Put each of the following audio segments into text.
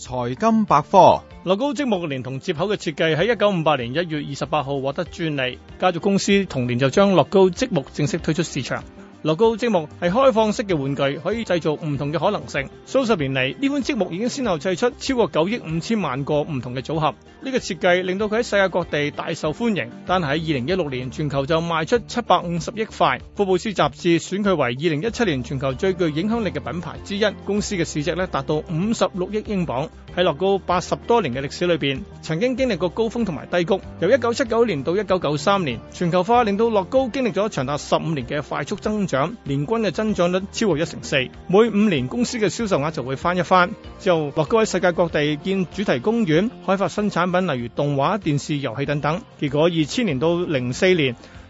財金百科，樂高積木連同接口嘅設計喺一九五八年一月二十八號獲得專利，家族公司同年就將樂高積木正式推出市場。樂高積木係開放式嘅玩具，可以製造唔同嘅可能性。數十年嚟，呢款積木已經先後砌出超過九億五千萬個唔同嘅組合。呢、這個設計令到佢喺世界各地大受歡迎。但係喺二零一六年，全球就賣出七百五十億塊。《福布斯》雜誌選佢為二零一七年全球最具影響力嘅品牌之一。公司嘅市值咧達到五十六億英鎊。喺樂高八十多年嘅歷史裏邊，曾經經歷過高峰同埋低谷。由一九七九年到一九九三年，全球化令到樂高經歷咗長達十五年嘅快速增長，年均嘅增長率超過一成四，每五年公司嘅銷售額就會翻一番。之後樂高喺世界各地建主題公園，開發新產品，例如動畫、電視、遊戲等等。結果二千年到零四年。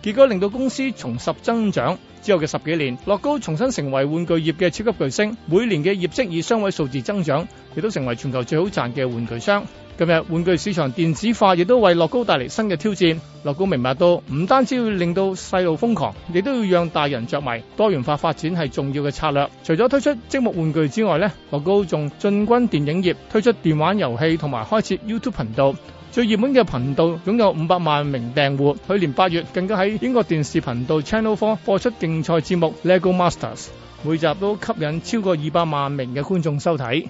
結果令到公司重拾增長。之後嘅十幾年，樂高重新成為玩具業嘅超級巨星，每年嘅業績以雙位數字增長，亦都成為全球最好賺嘅玩具商。今日玩具市場電子化亦都為樂高帶嚟新嘅挑戰。樂高明白到唔單止要令到細路瘋狂，亦都要讓大人着迷。多元化發展係重要嘅策略。除咗推出積木玩具之外呢，樂高仲進軍電影業，推出電玩遊戲，同埋開設 YouTube 頻道。最熱門嘅頻道擁有五百萬名訂戶，去年八月更加喺英國電視頻道 Channel Four 播出競賽節目《LEGO Masters》，每集都吸引超過二百萬名嘅觀眾收睇。